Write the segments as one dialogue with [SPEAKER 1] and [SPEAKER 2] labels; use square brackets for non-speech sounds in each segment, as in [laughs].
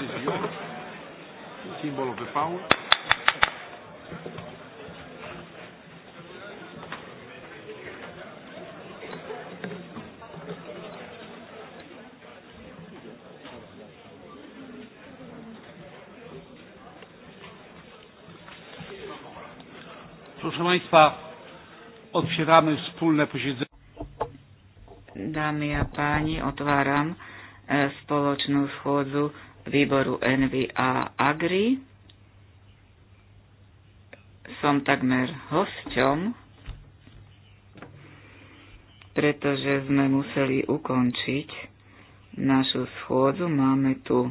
[SPEAKER 1] this is yours, symbol of the power. Proszę Państwa,
[SPEAKER 2] otwieramy wspólne posiedzenie. Dámy a páni, otváram e, spoločnú schôdzu výboru Envy a Agri. Som takmer hosťom, pretože sme museli ukončiť našu schôdzu. Máme tu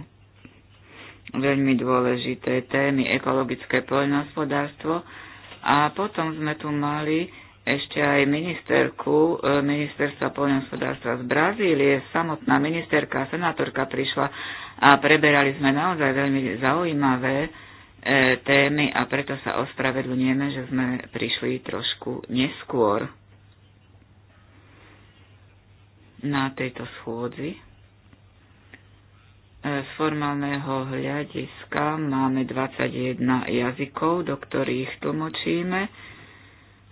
[SPEAKER 2] veľmi dôležité témy ekologické poľnohospodárstvo a potom sme tu mali ešte aj ministerku e, ministerstva poľnohospodárstva z Brazílie. Samotná ministerka, senátorka prišla a preberali sme naozaj veľmi zaujímavé e, témy a preto sa ospravedlňujeme, že sme prišli trošku neskôr na tejto schôdzi. E, z formálneho hľadiska máme 21 jazykov, do ktorých tlmočíme.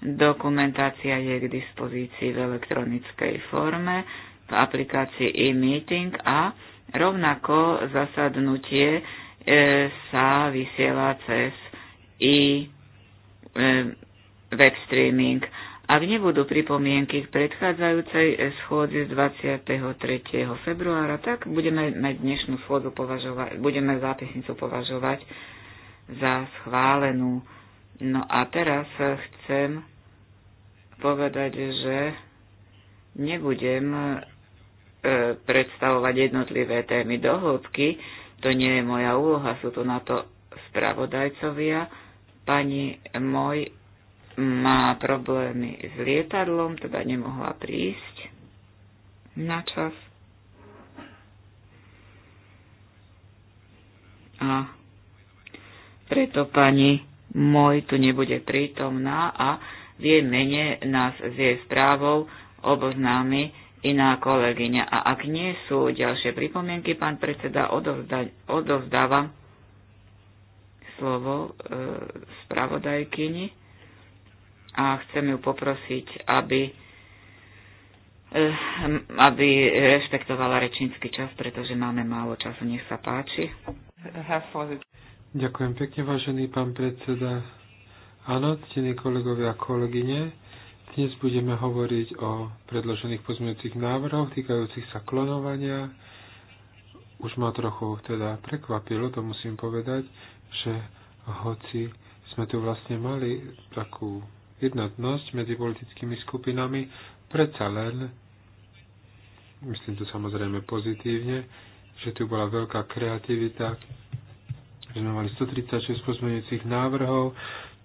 [SPEAKER 2] Dokumentácia je k dispozícii v elektronickej forme, v aplikácii e-meeting a Rovnako zasadnutie e, sa vysiela cez i e, web streaming. Ak nebudú pripomienky k predchádzajúcej schôdzi z 23. februára, tak budeme mať dnešnú schôdzu považovať, budeme zápisnicu považovať za schválenú. No a teraz chcem povedať, že nebudem E, predstavovať jednotlivé témy do hĺbky. To nie je moja úloha, sú tu na to spravodajcovia. Pani môj má problémy s lietadlom, teda nemohla prísť na čas. A preto pani môj tu nebude prítomná a v jej mene nás s jej správou oboznámi iná kolegyňa. A ak nie sú ďalšie pripomienky, pán predseda, odovzda, odovzdávam slovo e, spravodajkyni a chcem ju poprosiť, aby, e, aby rešpektovala rečnícky čas, pretože máme málo času. Nech sa páči. Ďakujem pekne, vážený pán predseda. Áno, ctení
[SPEAKER 1] kolegovia a kolegyne. Dnes budeme hovoriť o predložených pozmeňujúcich návrhoch týkajúcich sa klonovania. Už ma trochu teda prekvapilo, to musím povedať, že hoci sme tu vlastne mali takú jednotnosť medzi politickými skupinami, predsa len, myslím to samozrejme pozitívne, že tu bola veľká kreativita, že sme mali 136 pozmeňujúcich návrhov,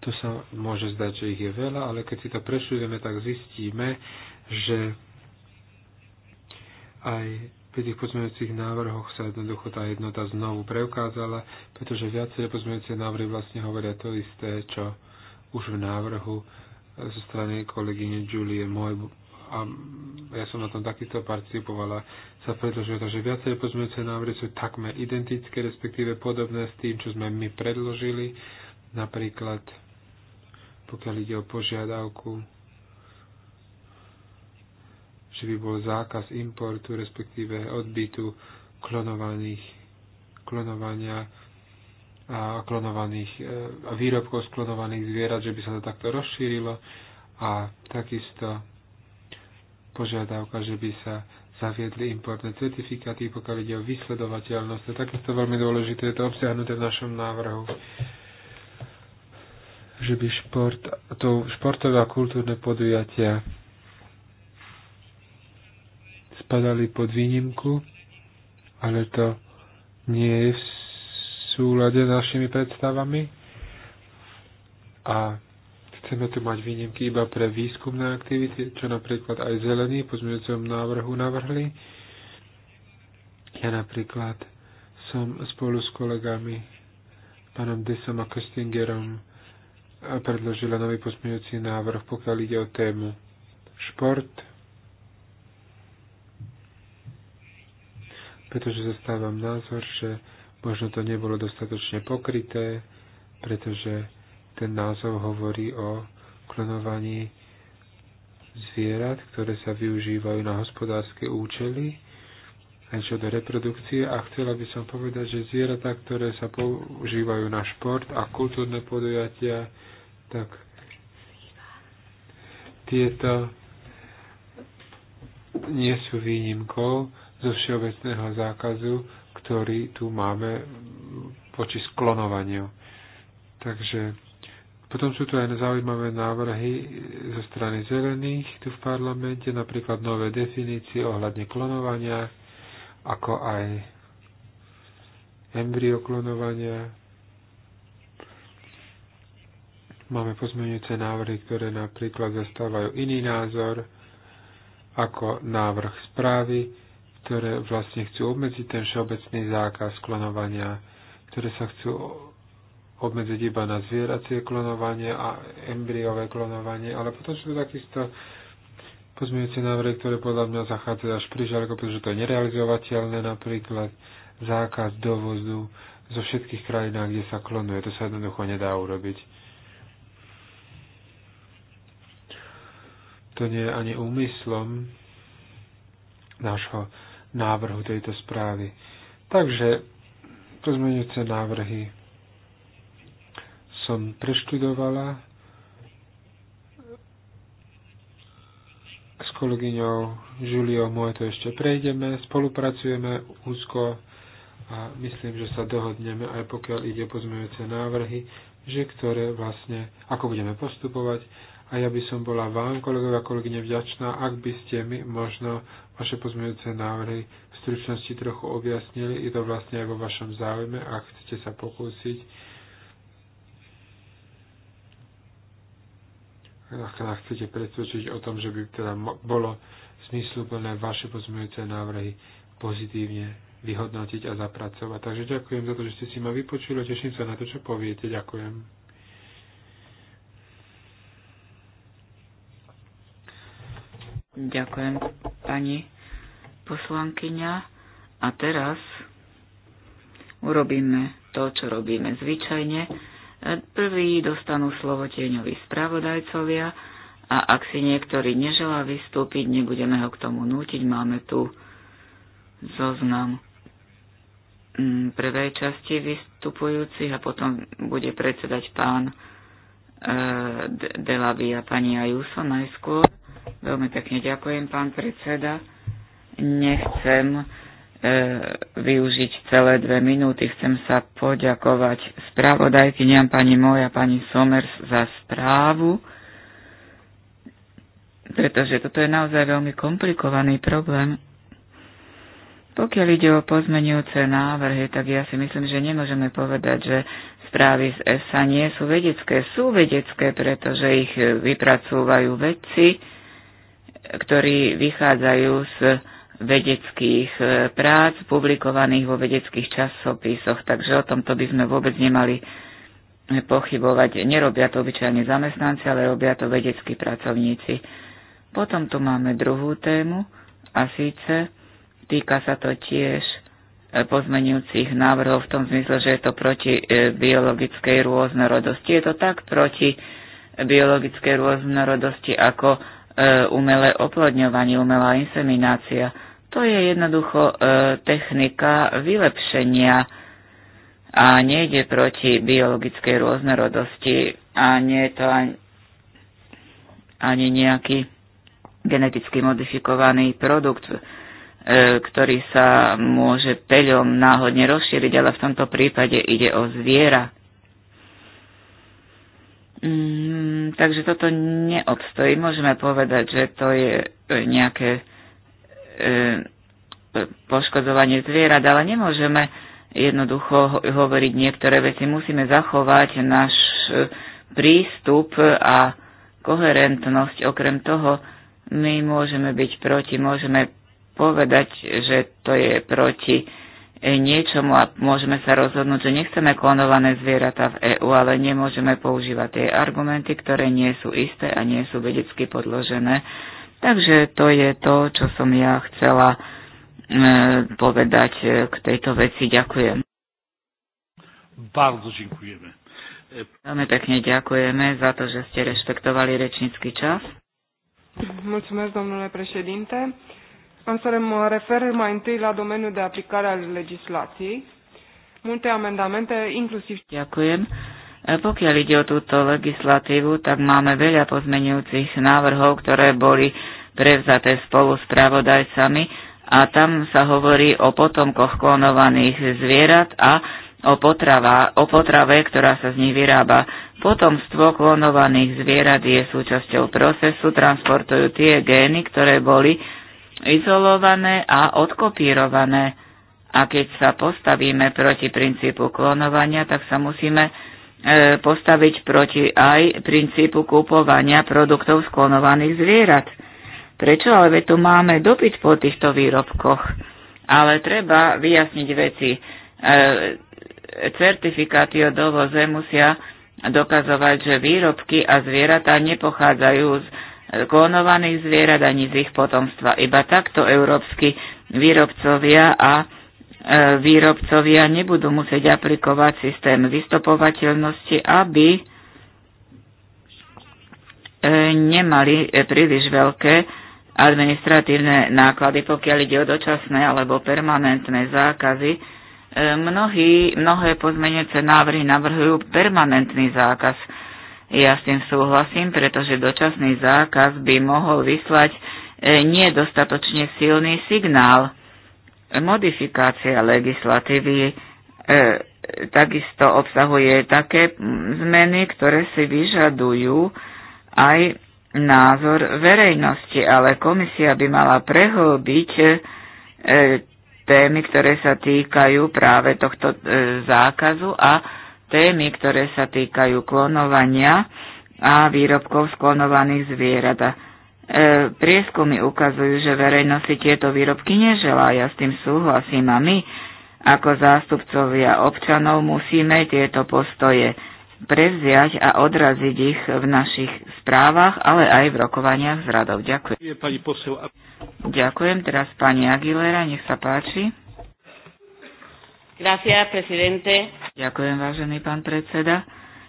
[SPEAKER 1] to sa môže zdať, že ich je veľa, ale keď si to prešujeme, tak zistíme, že aj pri tých pozmeňujúcich návrhoch sa jednoducho tá jednota znovu preukázala, pretože viaceré pozmeňujúce návrhy vlastne hovoria to isté, čo už v návrhu zo strany kolegyne Julie môj a ja som na tom takisto participovala, sa predložil, Takže viaceré pozmeňujúce návrhy sú takmer identické, respektíve podobné s tým, čo sme my predložili. Napríklad pokiaľ ide o požiadavku, že by bol zákaz importu, respektíve odbytu klonovaných, klonovania a klonovaných e, a výrobkov z klonovaných zvierat, že by sa to takto rozšírilo a takisto požiadavka, že by sa zaviedli importné certifikáty, pokiaľ ide o vysledovateľnosť. A takisto veľmi dôležité je to obsiahnuté v našom návrhu že by šport, to športové a kultúrne podujatia spadali pod výnimku, ale to nie je v súlade s našimi predstavami a chceme tu mať výnimky iba pre výskumné aktivity, čo napríklad aj zelení po zmiňujúcom návrhu navrhli. Ja napríklad som spolu s kolegami pánom Desom a Köstingerom predložila nový posmiujúci návrh, pokiaľ ide o tému šport, pretože zastávam názor, že možno to nebolo dostatočne pokryté, pretože ten názov hovorí o klonovaní zvierat, ktoré sa využívajú na hospodárske účely, aj čo do reprodukcie a chcela by som povedať, že zvieratá, ktoré sa používajú na šport a kultúrne podujatia, tak tieto nie sú výnimkou zo všeobecného zákazu, ktorý tu máme voči sklonovaniu. Takže potom sú tu aj zaujímavé návrhy zo strany zelených tu v parlamente, napríklad nové definície ohľadne klonovania, ako aj embryoklonovania, klonovania, Máme pozmeňujúce návrhy, ktoré napríklad zastávajú iný názor ako návrh správy, ktoré vlastne chcú obmedziť ten všeobecný zákaz klonovania, ktoré sa chcú obmedziť iba na zvieracie klonovanie a embryové klonovanie, ale potom sú to takisto pozmeňujúce návrhy, ktoré podľa mňa zachádzajú až príliš ďaleko, pretože to je nerealizovateľné, napríklad zákaz dovozu zo všetkých krajinách, kde sa klonuje. To sa jednoducho nedá urobiť. to nie je ani úmyslom nášho návrhu tejto správy. Takže pozmeňujúce návrhy som preštudovala s kolegyňou Žuliou Moje to ešte prejdeme, spolupracujeme úzko a myslím, že sa dohodneme aj pokiaľ ide pozmeňujúce návrhy, že ktoré vlastne, ako budeme postupovať, a ja by som bola vám, kolegovia a kolegyne, vďačná, ak by ste mi možno vaše pozmeňujúce návrhy v stručnosti trochu objasnili. Je to vlastne aj vo vašom záujme, ak chcete sa pokúsiť. Ak nás chcete presvedčiť o tom, že by teda bolo zmysluplné vaše pozmeňujúce návrhy pozitívne vyhodnotiť a zapracovať. Takže ďakujem za to, že ste si ma vypočuli a teším sa na to, čo poviete. Ďakujem.
[SPEAKER 2] Ďakujem, pani poslankyňa. A teraz urobíme to, čo robíme zvyčajne. Prvý dostanú slovo tieňoví spravodajcovia a ak si niektorý neželá vystúpiť, nebudeme ho k tomu nútiť. Máme tu zoznam mm, prvej časti vystupujúcich a potom bude predsedať pán e, Delavia pani Ajuso najskôr. Veľmi pekne ďakujem, pán predseda. Nechcem e, využiť celé dve minúty. Chcem sa poďakovať spravodajkyniam pani moja, pani Somers za správu, pretože toto je naozaj veľmi komplikovaný problém. Pokiaľ ide o pozmenujúce návrhy, tak ja si myslím, že nemôžeme povedať, že správy z ESA nie sú vedecké. Sú vedecké, pretože ich e, vypracúvajú vedci, ktorí vychádzajú z vedeckých e, prác, publikovaných vo vedeckých časopisoch, takže o tomto by sme vôbec nemali e, pochybovať. Nerobia to obyčajne zamestnanci, ale robia to vedeckí pracovníci. Potom tu máme druhú tému a síce týka sa to tiež e, pozmenujúcich návrhov v tom zmysle, že je to proti biologickej rôznorodosti. Je to tak proti biologickej rôznorodosti ako E, umelé oplodňovanie, umelá inseminácia. To je jednoducho e, technika vylepšenia a nejde proti biologickej rôznorodosti a nie je to ani, ani nejaký geneticky modifikovaný produkt, e, ktorý sa môže peľom náhodne rozšíriť, ale v tomto prípade ide o zviera. Mm, takže toto neobstojí. Môžeme povedať, že to je e, nejaké e, poškodzovanie zvierat, ale nemôžeme jednoducho hovoriť niektoré veci. Musíme zachovať náš e, prístup a koherentnosť. Okrem toho, my môžeme byť proti, môžeme povedať, že to je proti niečomu a môžeme sa rozhodnúť, že nechceme klonované zvieratá v EÚ, ale nemôžeme používať tie argumenty, ktoré nie sú isté a nie sú vedecky podložené. Takže to je to, čo som ja chcela e, povedať e, k tejto veci. Ďakujem. Bardzo dziękujemy. E, Veľmi pekne ďakujeme za to, že ste rešpektovali rečnícky čas.
[SPEAKER 1] Mulțumesc, domnule președinte. Însă mă refer mai întâi la domeniul de aplicare al legislației. Multe amendamente,
[SPEAKER 2] inclusiv... Ďakujem. E, pokiaľ ide o túto legislatívu, tak máme veľa pozmenujúcich návrhov, ktoré boli prevzaté spolu s pravodajcami a tam sa hovorí o potomkoch klonovaných zvierat a o, potrava, o potrave, ktorá sa z nich vyrába. Potomstvo klonovaných zvierat je súčasťou procesu, transportujú tie gény, ktoré boli izolované a odkopírované. A keď sa postavíme proti princípu klonovania, tak sa musíme e, postaviť proti aj princípu kúpovania produktov sklonovaných zvierat. Prečo? Ale tu máme dopyt po týchto výrobkoch. Ale treba vyjasniť veci. E, certifikáty o dovoze musia dokazovať, že výrobky a zvieratá nepochádzajú z klonovaných zvierat ani z ich potomstva. Iba takto európsky výrobcovia a e, výrobcovia nebudú musieť aplikovať systém vystopovateľnosti, aby e, nemali e, príliš veľké administratívne náklady, pokiaľ ide o dočasné alebo permanentné zákazy. Mnohí, mnohé pozmenujúce návrhy navrhujú permanentný zákaz ja s tým súhlasím, pretože dočasný zákaz by mohol vyslať e, nedostatočne silný signál. Modifikácia legislatívy e, takisto obsahuje také zmeny, ktoré si vyžadujú aj názor verejnosti, ale komisia by mala prehlbiť e, e témy, ktoré sa týkajú práve tohto e, zákazu a témy, ktoré sa týkajú klonovania a výrobkov sklonovaných zvierat. E, prieskumy ukazujú, že verejnosť si tieto výrobky neželá. Ja s tým súhlasím a my, ako zástupcovia občanov, musíme tieto postoje prevziať a odraziť ich v našich správach, ale aj v rokovaniach s radou. Ďakujem. Ďakujem. Teraz pani Aguilera, nech sa páči. Gracias, presidente. Ďakujem, vážený pán predseda.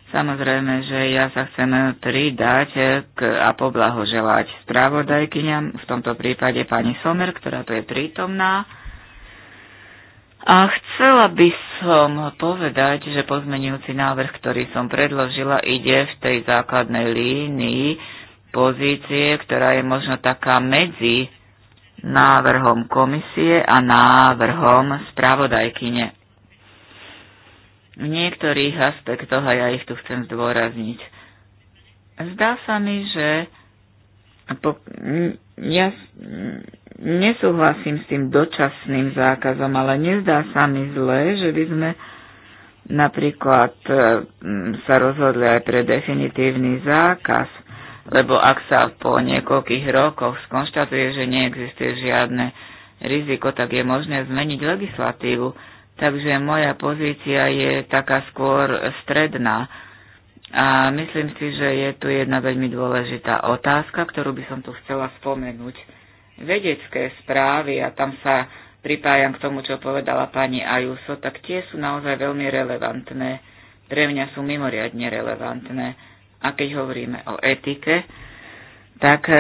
[SPEAKER 2] Samozrejme, že ja sa chcem pridať k, a poblahoželať správodajkyňam, v tomto prípade pani Somer, ktorá tu je prítomná. A chcela by som povedať, že pozmenujúci návrh, ktorý som predložila, ide v tej základnej línii pozície, ktorá je možno taká medzi návrhom komisie a návrhom spravodajkyne v niektorých aspektoch, a ja ich tu chcem zdôrazniť. Zdá sa mi, že po, ja nesúhlasím s tým dočasným zákazom, ale nezdá sa mi zle, že by sme napríklad e, sa rozhodli aj pre definitívny zákaz, lebo ak sa po niekoľkých rokoch skonštatuje, že neexistuje žiadne riziko, tak je možné zmeniť legislatívu Takže moja pozícia je taká skôr stredná. A myslím si, že je tu jedna veľmi dôležitá otázka, ktorú by som tu chcela spomenúť. Vedecké správy, a tam sa pripájam k tomu, čo povedala pani Ajuso, tak tie sú naozaj veľmi relevantné. Pre mňa sú mimoriadne relevantné. A keď hovoríme o etike, tak e,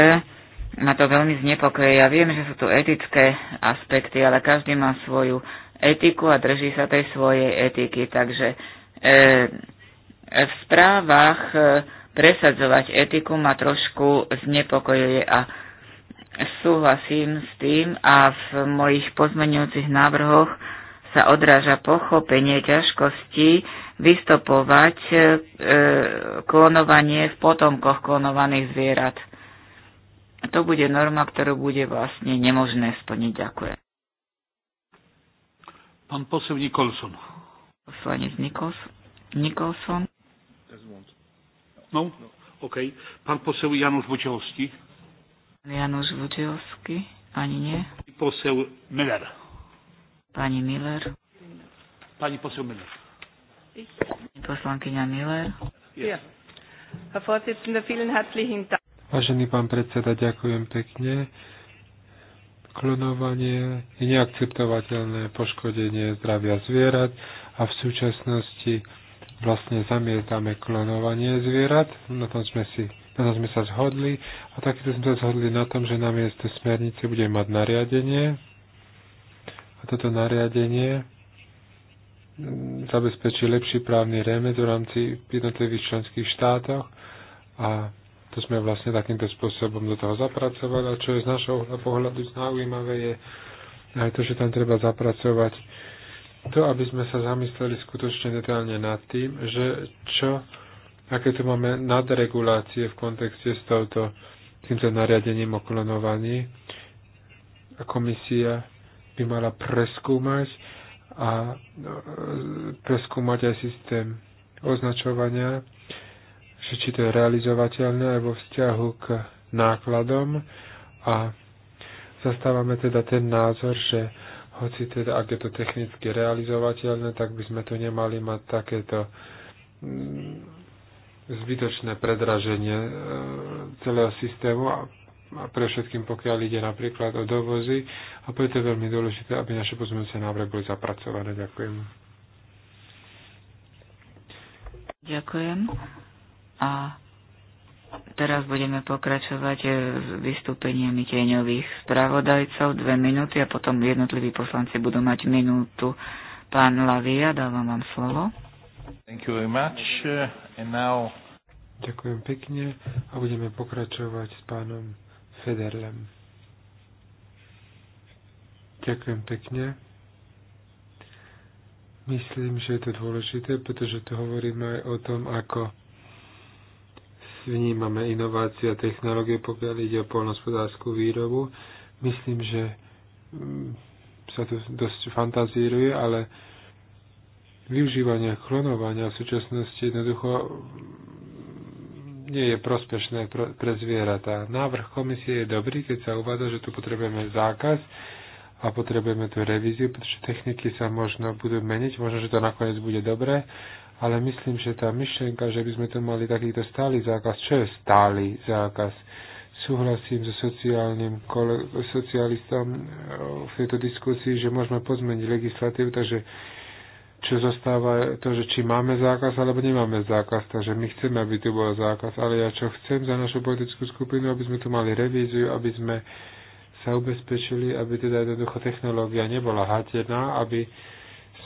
[SPEAKER 2] ma to veľmi znepokoje. Ja viem, že sú tu etické aspekty, ale každý má svoju etiku a drží sa tej svojej etiky. Takže e, v správach e, presadzovať etiku ma trošku znepokojuje a súhlasím s tým a v mojich pozmeňujúcich návrhoch sa odráža pochopenie ťažkosti vystopovať e, e klonovanie v potomkoch klonovaných zvierat. To bude norma, ktorú bude vlastne nemožné splniť. Ďakujem. Pán poseł Nicholson. Poslanec Nikos, Nicholson. No, OK. Pán
[SPEAKER 3] poseł Janusz Wojciechowski.
[SPEAKER 2] Janusz Wojciechowski, ani nie.
[SPEAKER 3] Pani Poseł
[SPEAKER 1] Miller.
[SPEAKER 2] Pani Miller.
[SPEAKER 1] Pani poseł Miller.
[SPEAKER 2] Pani Poslankyňa Miller. Yes. Herr Vorsitzender, vielen herzlichen Dank.
[SPEAKER 1] Vážený pán predseda, ďakujem pekne klonovanie je neakceptovateľné poškodenie zdravia zvierat a v súčasnosti vlastne zamietame klonovanie zvierat. Na tom sme si na tom sme sa zhodli a takisto sme sa zhodli na tom, že na miesto smernice bude mať nariadenie a toto nariadenie mm, zabezpečí lepší právny remed v rámci jednotlivých členských štátoch a to sme vlastne takýmto spôsobom do toho zapracovali. A čo je z našho pohľadu zaujímavé je aj to, že tam treba zapracovať to, aby sme sa zamysleli skutočne detálne nad tým, že čo, aké tu máme nadregulácie v kontexte s touto, týmto nariadením o klonovaní. A komisia by mala preskúmať a e, preskúmať aj systém označovania že či to je realizovateľné aj vo vzťahu k nákladom a zastávame teda ten názor, že hoci teda, ak je to technicky realizovateľné, tak by sme to nemali mať takéto mm, zbytočné predraženie e, celého systému a a pre všetkým pokiaľ ide napríklad o dovozy a preto je veľmi dôležité, aby naše pozmeňujúce návrhy boli zapracované. Ďakujem.
[SPEAKER 2] Ďakujem. A teraz budeme pokračovať e, s vystúpeniami tieňových spravodajcov, dve minúty a potom jednotliví poslanci budú mať minútu. Pán Lavia, dávam vám slovo.
[SPEAKER 1] Thank you very much. Uh, and now... Ďakujem pekne a budeme pokračovať s pánom Federlem. Ďakujem pekne. Myslím, že je to dôležité, pretože tu hovoríme aj o tom, ako vnímame inovácie a technológie, pokiaľ ide o polnospodárskú výrobu. Myslím, že mm, sa tu dosť fantazíruje, ale využívanie klonovania v súčasnosti jednoducho mm, nie je prospešné pre zvieratá. Návrh komisie je dobrý, keď sa uvádza, že tu potrebujeme zákaz, a potrebujeme tú revíziu, pretože techniky sa možno budú meniť, možno, že to nakoniec bude dobré, ale myslím, že tá myšlienka, že by sme tu mali takýto stály zákaz, čo je stály zákaz? Súhlasím so sociálnym kole- socialistom e, v tejto diskusii, že môžeme pozmeniť legislatívu, takže čo zostáva to, že či máme zákaz alebo nemáme zákaz, takže my chceme, aby tu bol zákaz, ale ja čo chcem za našu politickú skupinu, aby sme tu mali revíziu, aby sme sa ubezpečili, aby teda jednoducho technológia nebola hatená, aby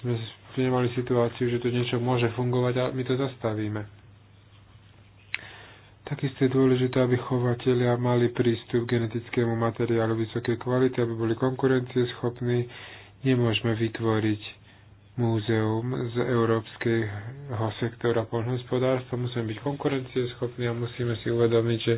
[SPEAKER 1] sme tu nemali situáciu, že tu niečo môže fungovať a my to zastavíme. Takisto je dôležité, aby chovateľia mali prístup k genetickému materiálu vysokej kvality, aby boli konkurencieschopní. Nemôžeme vytvoriť múzeum z európskeho sektora poľnohospodárstva. Musíme byť konkurencieschopní a musíme si uvedomiť, že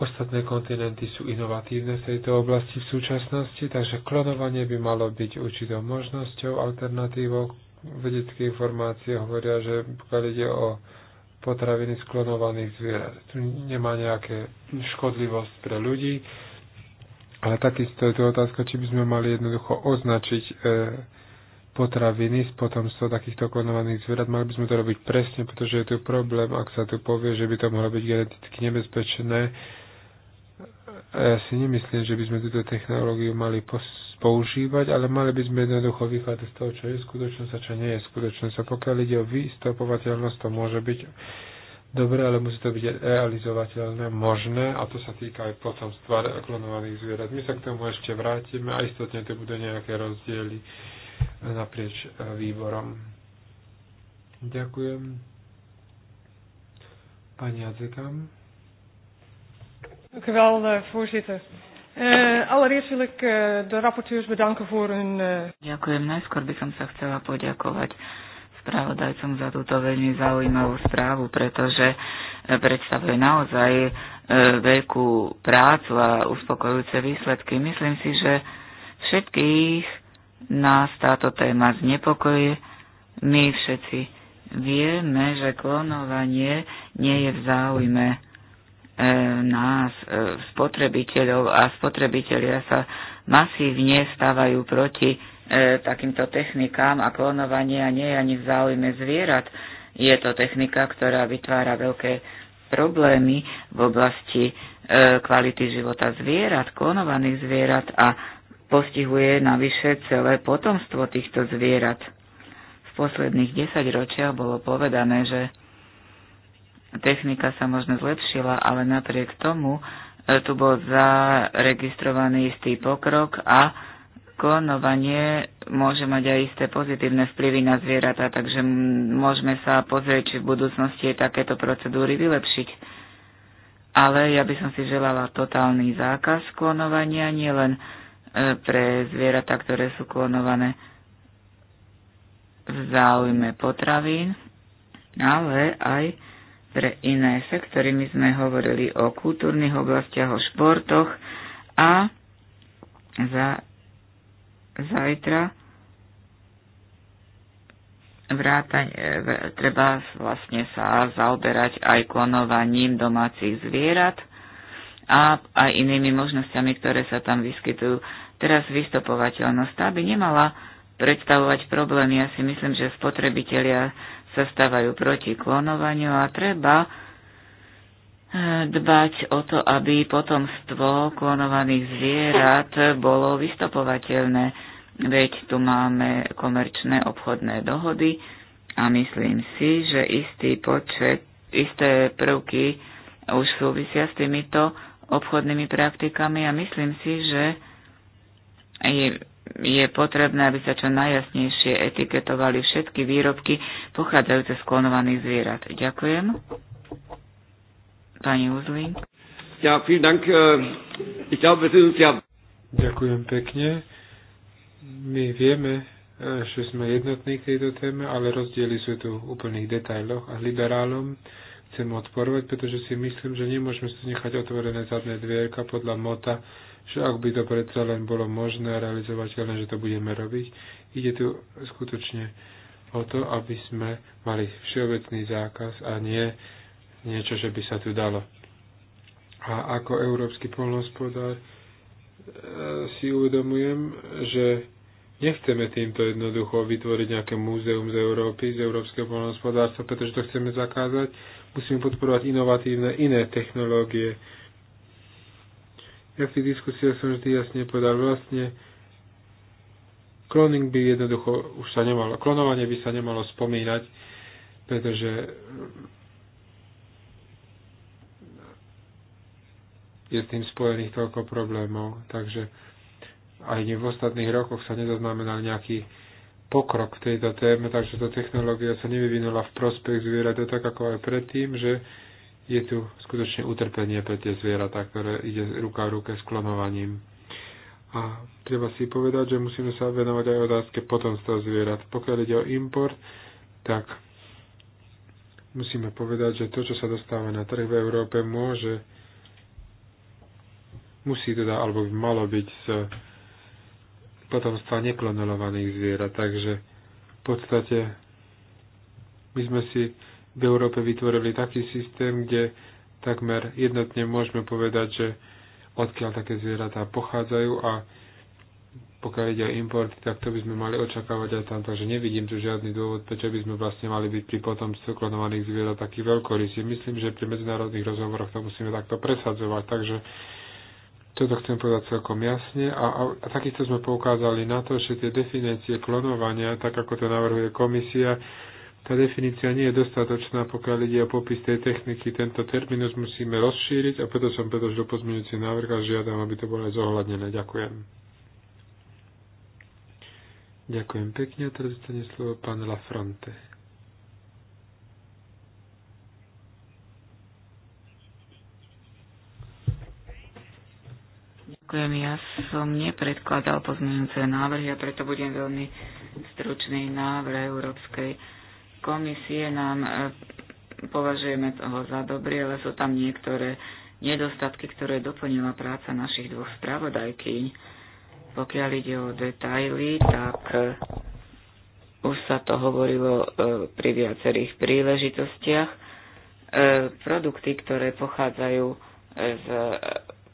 [SPEAKER 1] Ostatné kontinenty sú inovatívne v tejto oblasti v súčasnosti, takže klonovanie by malo byť určitou možnosťou, alternatívou. Vedecké informácie hovoria, že pokiaľ ide o potraviny z klonovaných zvierat, tu nemá nejaké škodlivosť pre ľudí, ale takisto je tu otázka, či by sme mali jednoducho označiť e, potraviny z potomstva takýchto klonovaných zvierat. Mali by sme to robiť presne, pretože je tu problém, ak sa tu povie, že by to mohlo byť geneticky nebezpečné, a ja si nemyslím, že by sme túto technológiu mali používať, ale mali by sme jednoducho vychádzať z toho, čo je skutočnosť a čo nie je skutočnosť. A pokiaľ ide o vystopovateľnosť, to môže byť dobre, ale musí to byť realizovateľné, možné a to sa týka aj stvar klonovaných zvierat. My sa k tomu ešte vrátime a istotne to budú nejaké rozdiely naprieč e, výborom. Ďakujem. Pani Adzekam. Dank u wel, eh, voorzitter. Uh, eh, allereerst wil ik uh,
[SPEAKER 3] eh, de rapporteurs bedanken voor hun... Dank
[SPEAKER 2] Uh... Ďakujem. Najskôr by som sa chcela poďakovať spravodajcom za túto veľmi zaujímavú správu, pretože predstavuje naozaj e, veľkú prácu a uspokojujúce výsledky. Myslím si, že všetkých nás táto téma znepokojí. My všetci vieme, že klonovanie nie je v záujme E, nás, e, spotrebiteľov a spotrebitelia sa masívne stávajú proti e, takýmto technikám a klonovania nie je ani v záujme zvierat. Je to technika, ktorá vytvára veľké problémy v oblasti kvality života zvierat, klonovaných zvierat a postihuje navyše celé potomstvo týchto zvierat. V posledných desaťročiach bolo povedané, že Technika sa možno zlepšila, ale napriek tomu e, tu bol zaregistrovaný istý pokrok a klonovanie môže mať aj isté pozitívne vplyvy na zvieratá, takže môžeme sa pozrieť, či v budúcnosti je takéto procedúry vylepšiť. Ale ja by som si želala totálny zákaz klonovania, nielen e, pre zvieratá, ktoré sú klonované v záujme potravín, ale aj pre iné sektory. My sme hovorili o kultúrnych oblastiach, o športoch a za, zajtra vrátaň, treba vlastne sa zaoberať aj klonovaním domácich zvierat a aj inými možnosťami, ktoré sa tam vyskytujú. Teraz vystopovateľnosť, tá by nemala predstavovať problémy. Ja si myslím, že spotrebitelia sa stávajú proti klonovaniu a treba eh, dbať o to, aby potomstvo klonovaných zvierat bolo vystopovateľné, veď tu máme komerčné obchodné dohody a myslím si, že istý počet, isté prvky už súvisia s týmito obchodnými praktikami a myslím si, že je potrebné, aby sa čo najjasnejšie etiketovali všetky výrobky pochádzajúce z klonovaných zvierat. Ďakujem. Pani Uzlin.
[SPEAKER 1] Ja, vielen Dank. Äh, ich glaube, wir sind ja... Ďakujem pekne. My vieme, äh, že sme jednotní k tejto téme, ale rozdiely sú tu v úplných detailoch a liberálom chcem odporovať, pretože si myslím, že nemôžeme si nechať otvorené zadné dvierka podľa mota že ak by to predsa len bolo možné a realizovateľné, že to budeme robiť, ide tu skutočne o to, aby sme mali všeobecný zákaz a nie niečo, že by sa tu dalo. A ako európsky polnospodár e, si uvedomujem, že nechceme týmto jednoducho vytvoriť nejaké múzeum z Európy, z európskeho polnospodárstva, pretože to chceme zakázať. Musíme podporovať inovatívne iné technológie, ja v tých diskusiách som vždy jasne povedal, vlastne kloning by jednoducho už sa nemalo, klonovanie by sa nemalo spomínať, pretože mm, je s tým spojených toľko problémov, takže aj v ostatných rokoch sa nezaznamenal nejaký pokrok v tejto téme, takže tá technológia sa nevyvinula v prospech zvierat, tak ako aj predtým, že je tu skutočne utrpenie pre tie zvieratá, ktoré ide ruka v ruke s klonovaním. A treba si povedať, že musíme sa venovať aj otázke potomstva zvierat. Pokiaľ ide o import, tak musíme povedať, že to, čo sa dostáva na trh v Európe, môže, musí teda, alebo by malo byť z potomstva neklonovaných zvierat. Takže v podstate my sme si v Európe vytvorili taký systém, kde takmer jednotne môžeme povedať, že odkiaľ také zvieratá pochádzajú a pokiaľ ide o import, tak to by sme mali očakávať aj tam, takže nevidím tu žiadny dôvod, prečo by sme vlastne mali byť pri potomstve klonovaných zvierat taký veľkorysie. Myslím, že pri medzinárodných rozhovoroch to musíme takto presadzovať, takže toto chcem povedať celkom jasne a, a, a takisto sme poukázali na to, že tie definície klonovania, tak ako to navrhuje komisia, tá definícia nie je dostatočná, pokiaľ ide o popis tej techniky. Tento terminus musíme rozšíriť a preto som predložil pozmeňujúci návrh a žiadam, aby to bolo aj zohľadnené. Ďakujem. Ďakujem pekne a teraz dostane slovo pán Lafronte.
[SPEAKER 2] Ďakujem, ja som nepredkladal pozmeňujúce návrhy a preto budem veľmi stručný návrh Európskej komisie nám e, považujeme toho za dobrý, ale sú tam niektoré nedostatky, ktoré doplnila práca našich dvoch spravodajkyň. Pokiaľ ide o detaily, tak e, už sa to hovorilo e, pri viacerých príležitostiach. Produkty, ktoré pochádzajú z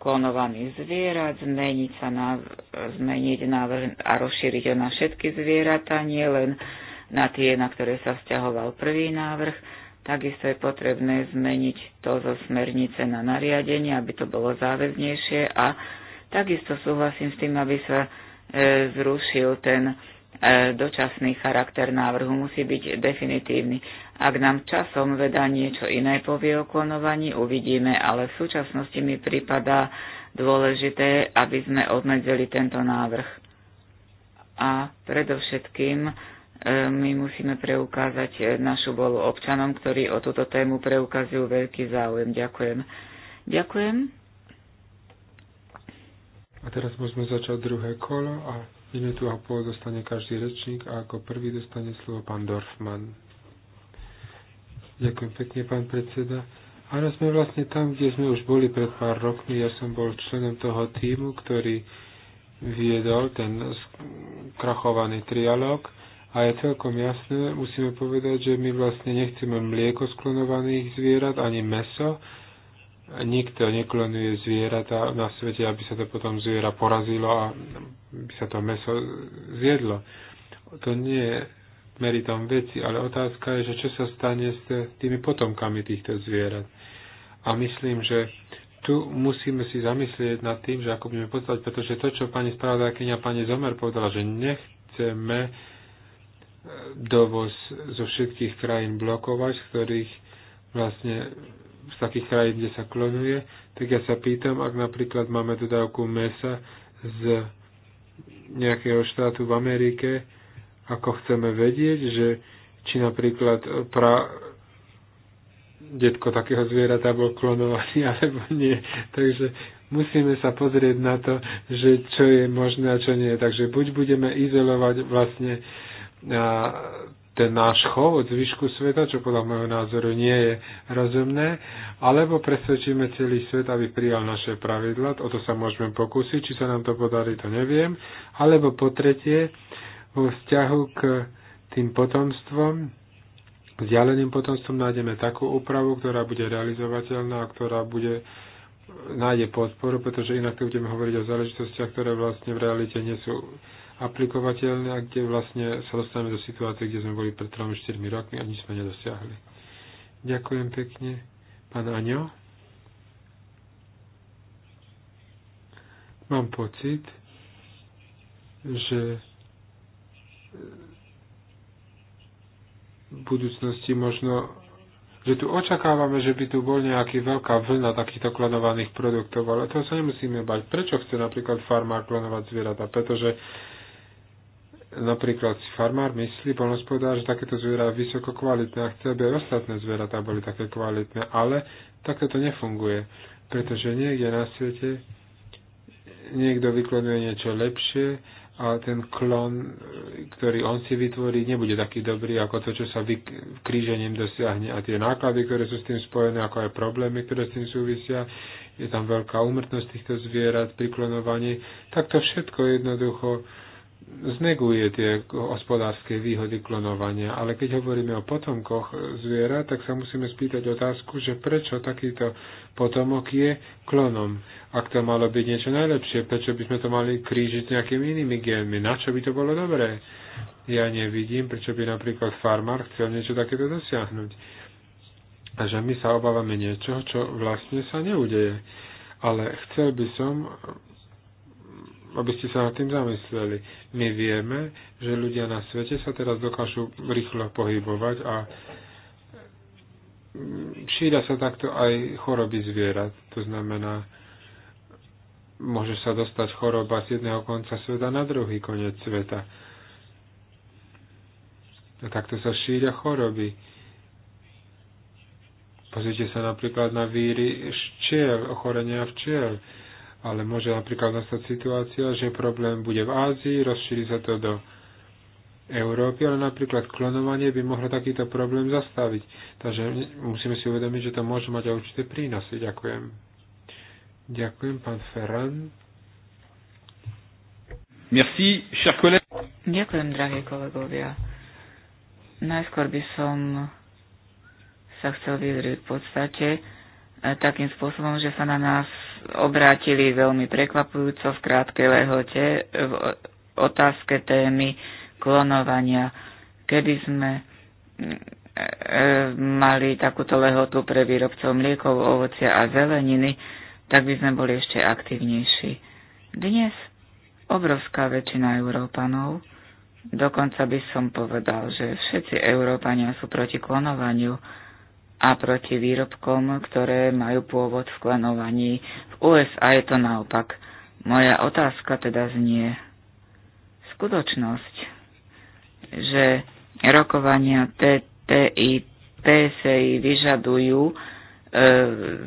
[SPEAKER 2] klonovaných zvierat, zmeniť, sa na, zmeniť návrh a rozšíriť ho na všetky zvieratá, nie len na tie, na ktoré sa vzťahoval prvý návrh. Takisto je potrebné zmeniť to zo smernice na nariadenie, aby to bolo záväznejšie a takisto súhlasím s tým, aby sa e, zrušil ten e, dočasný charakter návrhu, musí byť definitívny. Ak nám časom veda niečo iné povie o klonovaní, uvidíme, ale v súčasnosti mi prípada dôležité, aby sme obmedzili tento návrh. A predovšetkým E, my musíme preukázať e, našu bolu občanom, ktorí o túto tému preukazujú veľký záujem. Ďakujem. Ďakujem.
[SPEAKER 1] A teraz môžeme začať druhé kolo a minútu a pol dostane každý rečník a ako prvý dostane slovo pán Dorfman. Ďakujem pekne, pán predseda. Áno, sme vlastne tam, kde sme už boli pred pár rokmi. Ja som bol členom toho týmu, ktorý viedol ten krachovaný trialog a je celkom jasné, musíme povedať, že my vlastne nechceme mlieko sklonovaných zvierat, ani meso. Nikto neklonuje zvieratá na svete, aby sa to potom zviera porazilo a by sa to meso zjedlo. To nie je meritom veci, ale otázka je, že čo sa stane s tými potomkami týchto zvierat. A myslím, že tu musíme si zamyslieť nad tým, že ako budeme postavať, pretože to, čo pani spravodajkynia pani Zomer povedala, že nechceme dovoz zo všetkých krajín blokovať, ktorých vlastne z takých krajín, kde sa klonuje, tak ja sa pýtam, ak napríklad máme dodávku mesa z nejakého štátu v Amerike, ako chceme vedieť, že či napríklad pra detko takého zvierata bol klonovaný [laughs] alebo nie. Takže musíme sa pozrieť na to, že čo je možné a čo nie. Takže buď budeme izolovať vlastne uh, ten náš chov od zvyšku sveta, čo podľa môjho názoru nie je rozumné, alebo presvedčíme celý svet, aby prijal naše pravidla, o to sa môžeme pokúsiť, či sa nám to podarí, to neviem, alebo po tretie, vo vzťahu k tým potomstvom, vzdialeným potomstvom nájdeme takú úpravu, ktorá bude realizovateľná a ktorá bude nájde podporu, pretože inak tu budeme hovoriť o záležitostiach, ktoré vlastne v realite nie sú aplikovateľné a kde vlastne sa dostaneme do situácie, kde sme boli pred 3-4 rokmi a nič sme nedosiahli. Ďakujem pekne. Pán Aňo? Mám pocit, že e, v budúcnosti možno že tu očakávame, že by tu bol nejaký veľká vlna takýchto klonovaných produktov, ale to sa nemusíme bať. Prečo chce napríklad farmár klonovať zvieratá? Pretože napríklad si farmár myslí, polnospodár, že takéto zviera je vysoko kvalitné a chce, aby aj ostatné zvieratá boli také kvalitné, ale takto to nefunguje, pretože niekde na svete niekto vyklonuje niečo lepšie a ten klon, ktorý on si vytvorí, nebude taký dobrý ako to, čo sa krížením dosiahne. A tie náklady, ktoré sú s tým spojené, ako aj problémy, ktoré s tým súvisia, je tam veľká úmrtnosť týchto zvierat priklonovanie, tak to všetko jednoducho zneguje tie hospodárske výhody klonovania, ale keď hovoríme o potomkoch zviera, tak sa musíme spýtať otázku, že prečo takýto potomok je klonom. Ak to malo byť niečo najlepšie, prečo by sme to mali krížiť nejakými inými génmi? Na čo by to bolo dobré? Ja nevidím, prečo by napríklad farmár chcel niečo takéto dosiahnuť. A že my sa obávame niečoho, čo vlastne sa neudeje. Ale chcel by som aby ste sa nad tým zamysleli. My vieme, že ľudia na svete sa teraz dokážu rýchlo pohybovať a mm, šíria sa takto aj choroby zvierat. To znamená, môže sa dostať choroba z jedného konca sveta na druhý koniec sveta. A takto sa šíria choroby. Pozrite sa napríklad na víry včiel, ochorenia včiel ale môže napríklad nastať situácia, že problém bude v Ázii, rozšíri sa to do Európy, ale napríklad klonovanie by mohlo takýto problém zastaviť. Takže musíme si uvedomiť, že to môže mať aj určité prínosy. Ďakujem. Ďakujem, pán Ferran. Merci, cher collègue.
[SPEAKER 2] Ďakujem, drahí kolegovia. Najskôr by som sa chcel vyjadriť v podstate eh, takým spôsobom, že sa na nás obrátili veľmi prekvapujúco v krátkej lehote v otázke témy klonovania, kedy sme mm, e, mali takúto lehotu pre výrobcov mliekov, ovocia a zeleniny, tak by sme boli ešte aktivnejší. Dnes obrovská väčšina Európanov, dokonca by som povedal, že všetci Európania sú proti klonovaniu, a proti výrobkom, ktoré majú pôvod v klanovaní. V USA je to naopak. Moja otázka teda znie. Skutočnosť, že rokovania TTIP si vyžadujú e,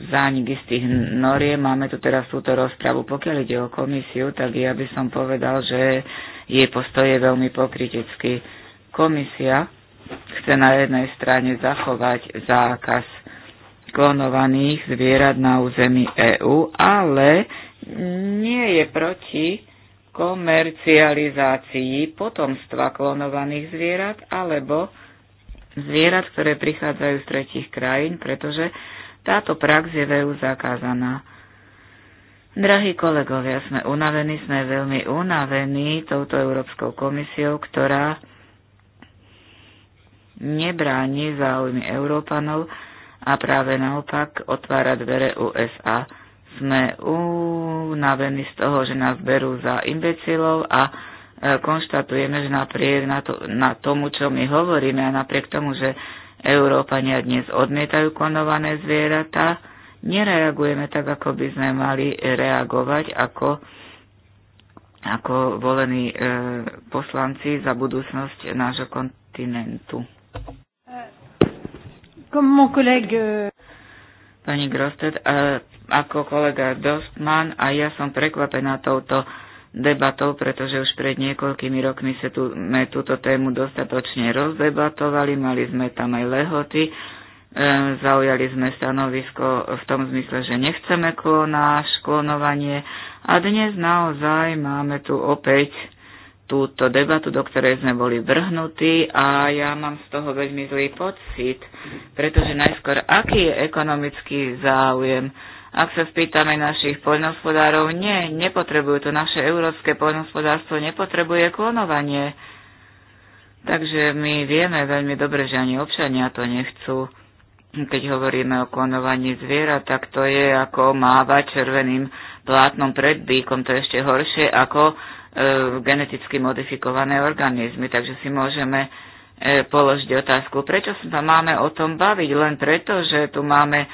[SPEAKER 2] zánik istých norie. Máme tu teraz túto rozpravu. Pokiaľ ide o komisiu, tak ja by som povedal, že jej postoj je veľmi pokritecký. Komisia chce na jednej strane zachovať zákaz klonovaných zvierat na území EÚ, ale nie je proti komercializácii potomstva klonovaných zvierat alebo zvierat, ktoré prichádzajú z tretich krajín, pretože táto prax je v EU zakázaná. Drahí kolegovia, sme unavení, sme veľmi unavení touto Európskou komisiou, ktorá nebráni záujmy Európanov a práve naopak otvára dvere USA. Sme unavení z toho, že nás berú za imbecilov a e, konštatujeme, že napriek na, to, na tomu, čo my hovoríme a napriek tomu, že Európania dnes odmietajú klonované zvieratá, nereagujeme tak, ako by sme mali reagovať, ako, ako volení e, poslanci za budúcnosť nášho kontinentu. Euh, Pani Grosted, ako kolega Dostman a ja som prekvapená touto debatou, pretože už pred niekoľkými rokmi sme tú, túto tému dostatočne rozdebatovali, mali sme tam aj lehoty, e, zaujali sme stanovisko v tom zmysle, že nechceme klonáš, klonovanie a dnes naozaj máme tu opäť túto debatu, do ktorej sme boli vrhnutí a ja mám z toho veľmi zlý pocit, pretože najskôr, aký je ekonomický záujem? Ak sa spýtame našich poľnohospodárov, nie, nepotrebujú to. Naše európske poľnohospodárstvo nepotrebuje klonovanie. Takže my vieme veľmi dobre, že ani občania to nechcú. Keď hovoríme o klonovaní zviera, tak to je ako mávať červeným plátnom pred To je ešte horšie ako E, geneticky modifikované organizmy. Takže si môžeme e, položiť otázku, prečo sa máme o tom baviť, len preto, že tu máme e,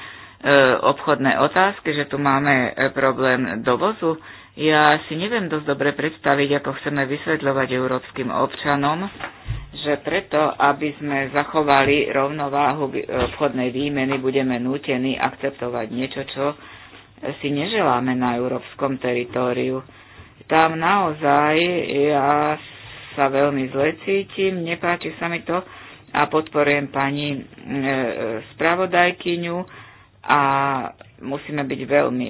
[SPEAKER 2] obchodné otázky, že tu máme problém dovozu. Ja si neviem dosť dobre predstaviť, ako chceme vysvetľovať európskym občanom, že preto, aby sme zachovali rovnováhu obchodnej výmeny, budeme nútení akceptovať niečo, čo si neželáme na európskom teritóriu tam naozaj ja sa veľmi zle cítim, nepáči sa mi to a podporujem pani e, spravodajkyňu a musíme byť veľmi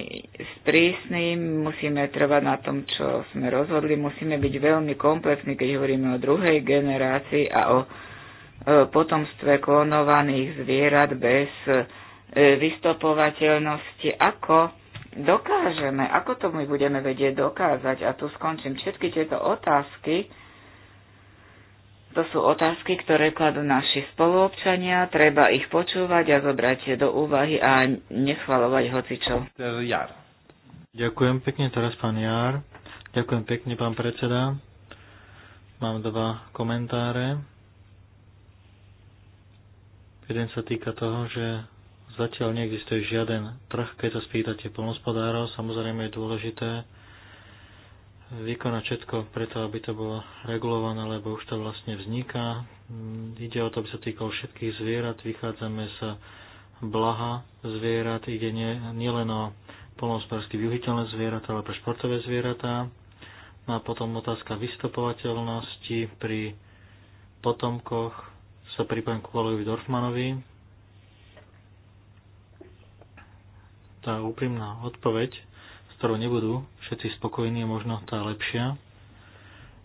[SPEAKER 2] sprísni, musíme trvať na tom, čo sme rozhodli, musíme byť veľmi komplexní, keď hovoríme o druhej generácii a o e, potomstve klonovaných zvierat bez e, vystopovateľnosti, ako dokážeme, ako to my budeme vedieť dokázať, a tu skončím všetky tieto otázky, to sú otázky, ktoré kladú naši spoluobčania, treba ich počúvať a zobrať do úvahy a nechvalovať hocičo.
[SPEAKER 3] Ďakujem pekne, teraz pán Jar. Ďakujem pekne, pán predseda. Mám dva komentáre. Jeden sa týka toho, že Zatiaľ neexistuje žiaden trh, keď sa spýtate polnospodárov. Samozrejme je dôležité vykonať všetko preto, aby to bolo regulované, lebo už to vlastne vzniká. Mm, ide o to, aby sa týkalo všetkých zvierat. Vychádzame sa blaha zvierat. Ide nielen o polnospodársky využiteľné zvieratá, ale pre športové zvieratá. No a potom otázka vystopovateľnosti pri potomkoch sa pripojím k Valovi Dorfmanovi, tá úprimná odpoveď, s ktorou nebudú všetci spokojní, je možno tá lepšia.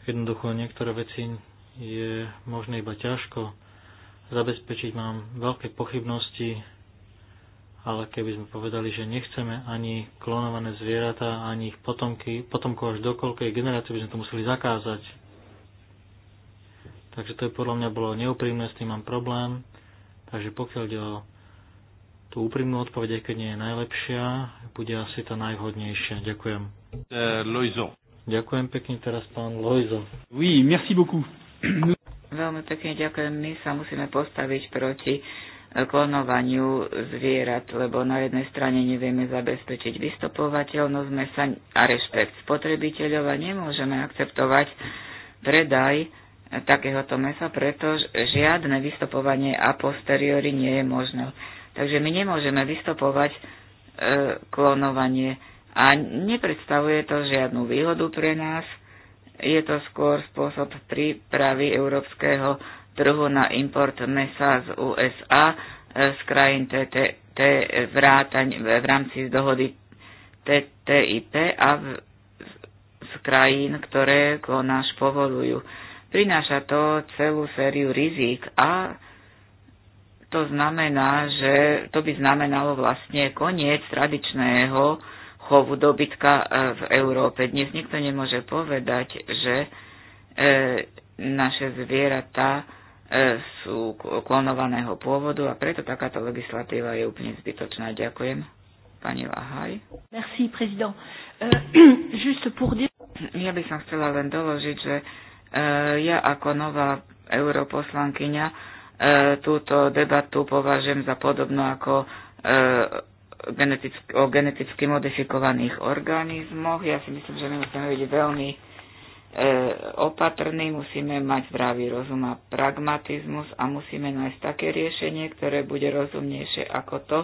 [SPEAKER 3] Jednoducho niektoré veci je možné iba ťažko zabezpečiť. Mám veľké pochybnosti, ale keby sme povedali, že nechceme ani klonované zvieratá, ani ich potomky, potomkov až do koľkej generácie by sme to museli zakázať. Takže to je podľa mňa bolo neúprimné, s tým mám problém. Takže pokiaľ ide o tú úprimnú odpoveď, aj keď nie je najlepšia, bude asi tá najvhodnejšia. Ďakujem. Uh, Loizo. Ďakujem pekne teraz pán Loizo. Oui, merci beaucoup. [coughs]
[SPEAKER 2] Veľmi pekne ďakujem. My sa musíme postaviť proti eh, klonovaniu zvierat, lebo na jednej strane nevieme zabezpečiť vystopovateľnosť mesa a rešpekt spotrebiteľov a nemôžeme akceptovať predaj eh, takéhoto mesa, pretože žiadne vystopovanie a posteriori nie je možné. Takže my nemôžeme vystopovať e, klonovanie a nepredstavuje to žiadnu výhodu pre nás. Je to skôr spôsob prípravy európskeho trhu na import mesa z USA e, z krajín TTT v, v rámci dohody TTIP a v, z krajín, ktoré klonáž povolujú. Prináša to celú sériu rizík a to znamená, že to by znamenalo vlastne koniec tradičného chovu dobytka e, v Európe. Dnes nikto nemôže povedať, že e, naše zvieratá e, sú klonovaného pôvodu a preto takáto legislatíva je úplne zbytočná. Ďakujem. Pani Lahaj. Merci, prezident. Euh, [clears throat] ja by som chcela len doložiť, že ja ako nová europoslankyňa E, túto debatu považujem za podobnú ako e, o geneticky modifikovaných organizmoch. Ja si myslím, že my musíme byť veľmi e, opatrní, musíme mať zdravý rozum a pragmatizmus a musíme nájsť také riešenie, ktoré bude rozumnejšie ako to,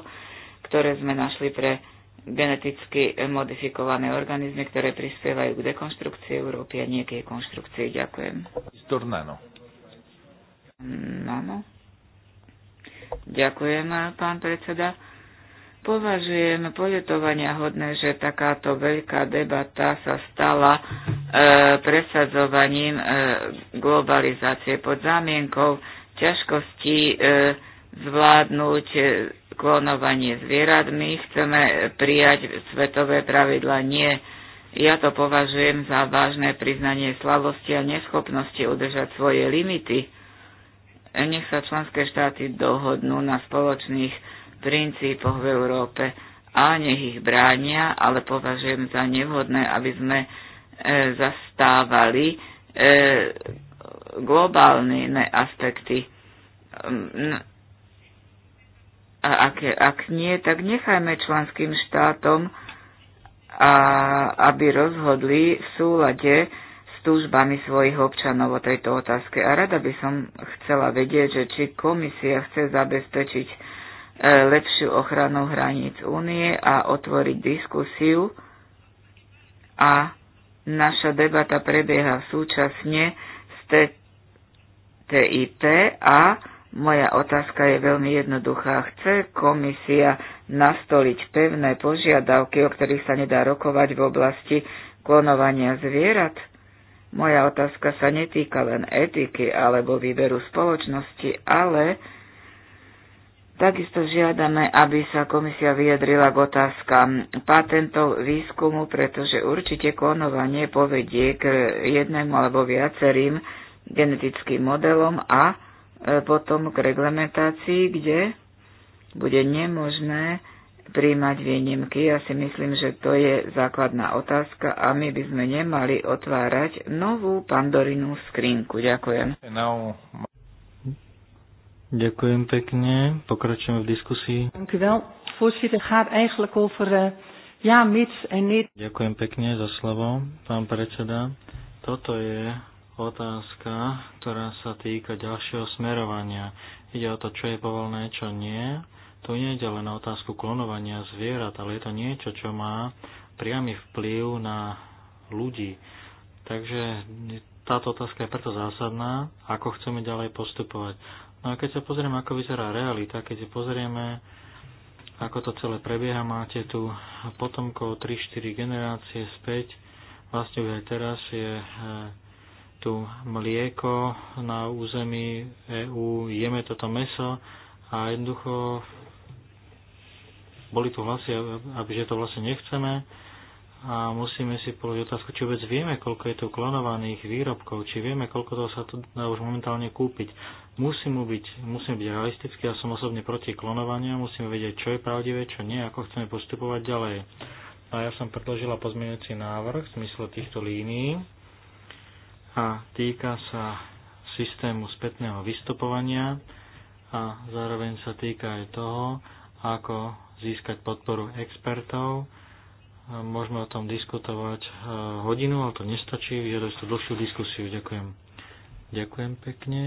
[SPEAKER 2] ktoré sme našli pre geneticky modifikované organizmy, ktoré prispievajú k dekonštrukcii Európy a nie k jej konštrukcii. Ďakujem. Mm, áno. Ďakujem, pán predseda. Považujem poľutovania hodné, že takáto veľká debata sa stala e, presadzovaním e, globalizácie pod zámienkou ťažkosti e, zvládnuť e, klonovanie zvierat. My chceme prijať svetové pravidla nie. Ja to považujem za vážne priznanie slabosti a neschopnosti udržať svoje limity nech sa členské štáty dohodnú na spoločných princípoch v Európe a nech ich bránia, ale považujem za nevhodné, aby sme e, zastávali e, globálne aspekty. Hm, no, a ak, ak nie, tak nechajme členským štátom, a, aby rozhodli v súlade s túžbami svojich občanov o tejto otázke. A rada by som chcela vedieť, že či komisia chce zabezpečiť e, lepšiu ochranu hraníc únie a otvoriť diskusiu. A naša debata prebieha súčasne s TIP a moja otázka je veľmi jednoduchá. Chce komisia nastoliť pevné požiadavky, o ktorých sa nedá rokovať v oblasti klonovania zvierat? Moja otázka sa netýka len etiky alebo výberu spoločnosti, ale takisto žiadame, aby sa komisia vyjadrila k otázkam patentov výskumu, pretože určite klonovanie povedie k jednému alebo viacerým genetickým modelom a e, potom k reglementácii, kde bude nemožné príjmať výnimky. Ja si myslím, že to je základná otázka a my by sme nemali otvárať novú pandorinú skrinku. Ďakujem.
[SPEAKER 3] Ďakujem pekne. Pokračujeme v diskusii. Eh, Ďakujem pekne za slovo, pán predseda. Toto je otázka, ktorá sa týka ďalšieho smerovania. Ide o to, čo je povolné, čo nie tu nie je len na otázku klonovania zvierat, ale je to niečo, čo má priamy vplyv na ľudí. Takže táto otázka je preto zásadná, ako chceme ďalej postupovať. No a keď sa pozrieme, ako vyzerá realita, keď si pozrieme, ako to celé prebieha, máte tu potomkov 3-4 generácie späť, vlastne už aj teraz je e, tu mlieko na území EÚ, jeme toto meso a jednoducho boli tu hlasy, že to vlastne nechceme a musíme si položiť otázku, či vôbec vieme, koľko je tu klonovaných výrobkov, či vieme, koľko toho sa tu dá už momentálne kúpiť. Musíme byť, musím byť realistický, ja som osobne proti klonovaniu, musíme vedieť, čo je pravdivé, čo nie, ako chceme postupovať ďalej. No a ja som predložila pozmeňujúci návrh v zmysle týchto línií a týka sa systému spätného vystupovania a zároveň sa týka aj toho, ako získať podporu expertov. Môžeme o tom diskutovať e, hodinu, ale to nestačí, vyžaduje to dlhšiu diskusiu. Ďakujem. Ďakujem pekne.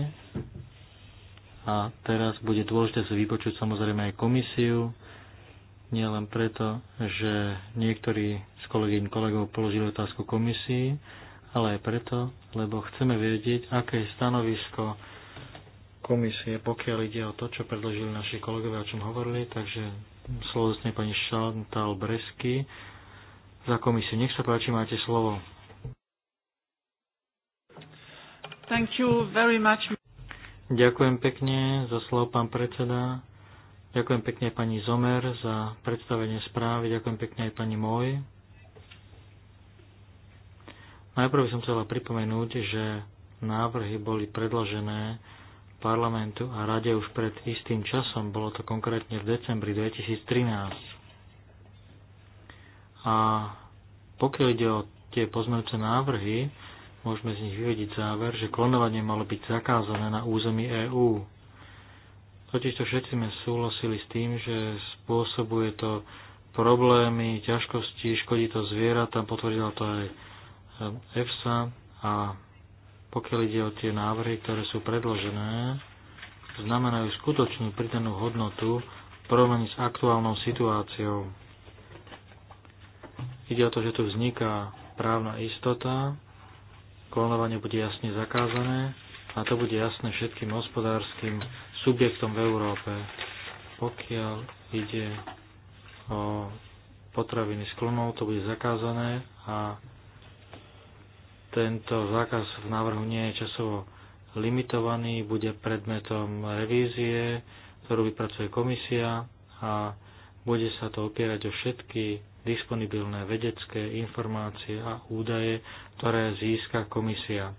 [SPEAKER 3] A teraz bude dôležité si vypočuť samozrejme aj komisiu, nielen preto, že niektorí z kolegyň kolegov položili otázku komisii, ale aj preto, lebo chceme vedieť, aké je stanovisko komisie, pokiaľ ide o to, čo predložili naši kolegovia, o čom hovorili, takže slovo pani Šantal Bresky za komisiu. Nech sa páči, máte slovo.
[SPEAKER 2] Thank you very much.
[SPEAKER 3] Ďakujem pekne za slovo, pán predseda. Ďakujem pekne pani Zomer za predstavenie správy. Ďakujem pekne aj pani Moj. Najprv som chcela pripomenúť, že návrhy boli predložené parlamentu a rade už pred istým časom, bolo to konkrétne v decembri 2013. A pokiaľ ide o tie poznajúce návrhy, môžeme z nich vyvediť záver, že klonovanie malo byť zakázané na území EÚ. Totižto všetci sme súhlasili s tým, že spôsobuje to problémy, ťažkosti, škodí to zvieratám, potvrdila to aj ehm, EFSA a pokiaľ ide o tie návrhy, ktoré sú predložené, znamenajú skutočnú pridanú hodnotu v porovnaní s aktuálnou situáciou. Ide o to, že tu vzniká právna istota, klonovanie bude jasne zakázané a to bude jasné všetkým hospodárskym subjektom v Európe. Pokiaľ ide o potraviny s klonou, to bude zakázané a tento zákaz v návrhu nie je časovo limitovaný, bude predmetom revízie, ktorú vypracuje komisia a bude sa to opierať o všetky disponibilné vedecké informácie a údaje, ktoré získa komisia.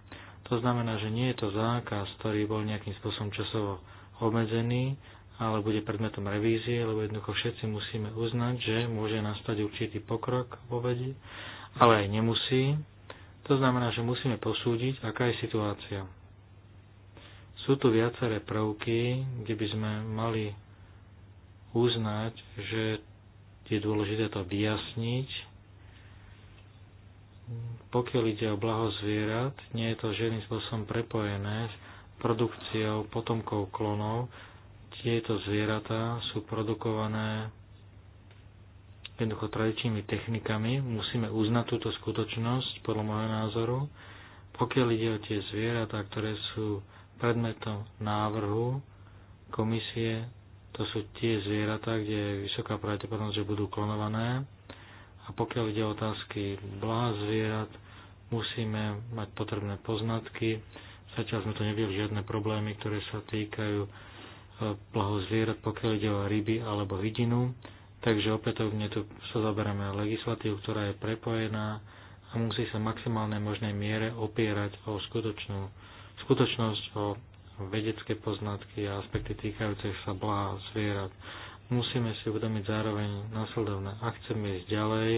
[SPEAKER 3] To znamená, že nie je to zákaz, ktorý bol nejakým spôsobom časovo obmedzený, ale bude predmetom revízie, lebo jednoducho všetci musíme uznať, že môže nastať určitý pokrok vo vede, ale aj nemusí. To znamená, že musíme posúdiť, aká je situácia. Sú tu viaceré prvky, kde by sme mali uznať, že je dôležité to vyjasniť. Pokiaľ ide o blaho zvierat, nie je to žiadnym spôsobom prepojené s produkciou potomkov klonov. Tieto zvieratá sú produkované jednoducho tradičnými technikami. Musíme uznať túto skutočnosť, podľa môjho názoru. Pokiaľ ide o tie zvieratá, ktoré sú predmetom návrhu komisie, to sú tie zvieratá, kde je vysoká pravdepodobnosť, že budú klonované. A pokiaľ ide o otázky blaha zvierat, musíme mať potrebné poznatky. Zatiaľ sme tu nevideli žiadne problémy, ktoré sa týkajú eh, blaho zvierat, pokiaľ ide o ryby alebo hydinu. Takže opätovne tu sa zaberáme legislatívu, ktorá je prepojená a musí sa maximálnej možnej miere opierať o skutočnú, skutočnosť, o vedecké poznatky a aspekty týkajúce sa blaha zvierat. Musíme si uvedomiť zároveň následovné. Ak chceme ísť ďalej,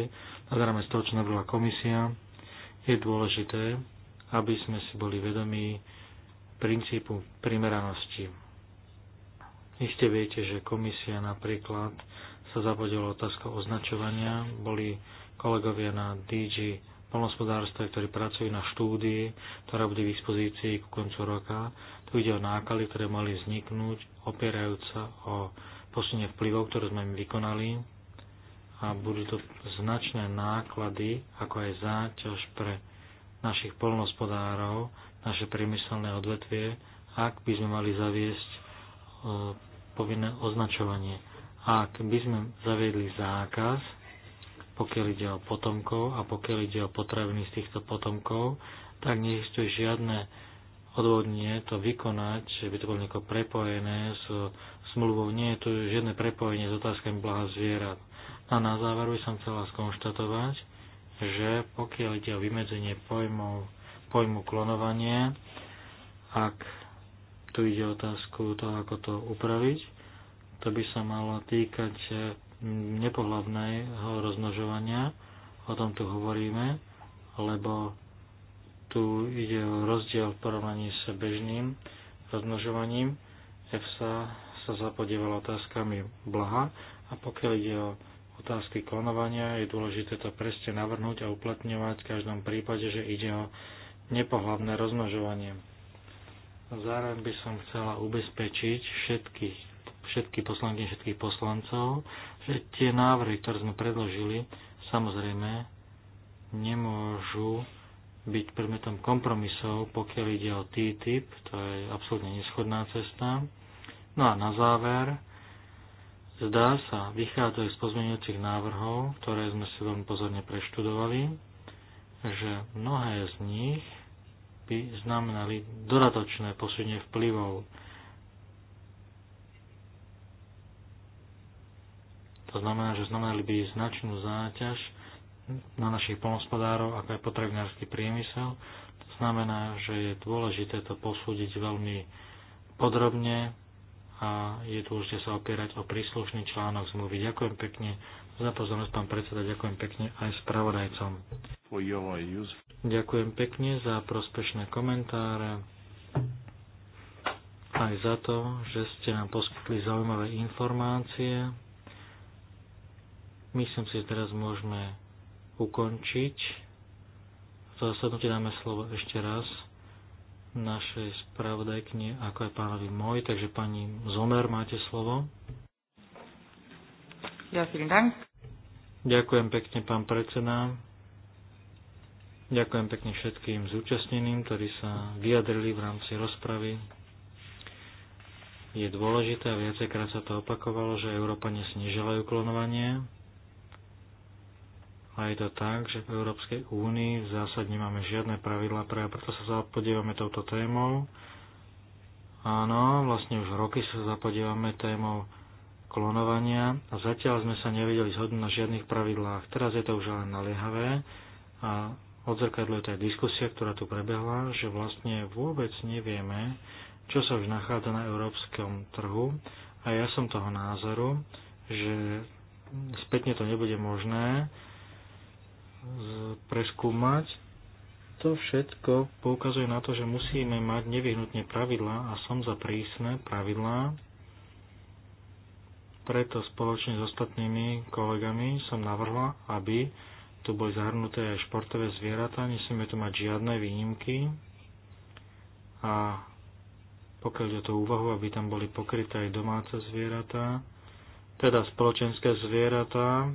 [SPEAKER 3] nazeráme z toho, čo nabrala komisia, je dôležité, aby sme si boli vedomí princípu primeranosti. Iste viete, že komisia napríklad sa zapodilo otázka označovania. Boli kolegovia na DG polnospodárstve, ktorí pracujú na štúdii, ktorá bude v dispozícii ku koncu roka. Tu ide o náklady, ktoré mali vzniknúť, opierajúca o posunie vplyvov, ktoré sme im vykonali. A budú to značné náklady, ako aj záťaž pre našich polnospodárov, naše priemyselné odvetvie, ak by sme mali zaviesť e, povinné označovanie ak by sme zaviedli zákaz, pokiaľ ide o potomkov a pokiaľ ide o potraviny z týchto potomkov, tak neexistuje žiadne odvodnie to vykonať, že by to bolo nejako prepojené s smluvou. Nie je tu žiadne prepojenie s otázkami blaha zvierat. A na záver by som chcela skonštatovať, že pokiaľ ide o vymedzenie pojmov, pojmu klonovanie, ak tu ide otázku toho, ako to upraviť, to by sa malo týkať eh, nepohlavného rozmnožovania, o tom tu hovoríme, lebo tu ide o rozdiel v porovnaní s bežným rozmnožovaním. EFSA sa zapodievala otázkami blaha a pokiaľ ide o otázky klonovania, je dôležité to presne navrhnúť a uplatňovať v každom prípade, že ide o nepohlavné rozmnožovanie. Zároveň by som chcela ubezpečiť všetkých všetky poslanky, všetkých poslancov, že tie návrhy, ktoré sme predložili, samozrejme nemôžu byť predmetom kompromisov, pokiaľ ide o TTIP, to je absolútne neschodná cesta. No a na záver, zdá sa, vychádzajú z pozmeňujúcich návrhov, ktoré sme si veľmi pozorne preštudovali, že mnohé z nich by znamenali dodatočné posunie vplyvov To znamená, že znamenali by značnú záťaž na našich polnospodárov, ako aj potravinársky priemysel. To znamená, že je dôležité to posúdiť veľmi podrobne a je dôležité sa opierať o príslušný článok zmluvy. Ďakujem pekne za pozornosť, pán predseda, ďakujem pekne aj spravodajcom. Ďakujem pekne za prospešné komentáre, aj za to, že ste nám poskytli zaujímavé informácie. Myslím si, že teraz môžeme ukončiť. To zasadnutie dáme slovo ešte raz našej spravodajkne, ako aj pánovi môj. Takže pani Zomer, máte slovo.
[SPEAKER 2] Ja, Dank.
[SPEAKER 3] Ďakujem pekne, pán predseda. Ďakujem pekne všetkým zúčastneným, ktorí sa vyjadrili v rámci rozpravy. Je dôležité a viacejkrát sa to opakovalo, že Európa si uklonovanie. klonovanie. A je to tak, že v Európskej únii v zásade nemáme žiadne pravidlá pre a preto sa zapodievame touto témou. Áno, vlastne už roky sa zapodievame témou klonovania a zatiaľ sme sa nevedeli zhodnúť na žiadnych pravidlách. Teraz je to už ale naliehavé a odzrkadľuje to aj diskusia, ktorá tu prebehla, že vlastne vôbec nevieme, čo sa už nachádza na európskom trhu a ja som toho názoru, že spätne to nebude možné, E, preskúmať. To všetko poukazuje na to, že musíme mať nevyhnutne pravidlá a som za prísne pravidlá. Preto spoločne s ostatnými kolegami som navrhla, aby tu boli zahrnuté aj športové zvieratá, nesmieme tu mať žiadne výnimky a pokiaľ je to úvahu, aby tam boli pokryté aj domáce zvieratá, teda spoločenské zvieratá,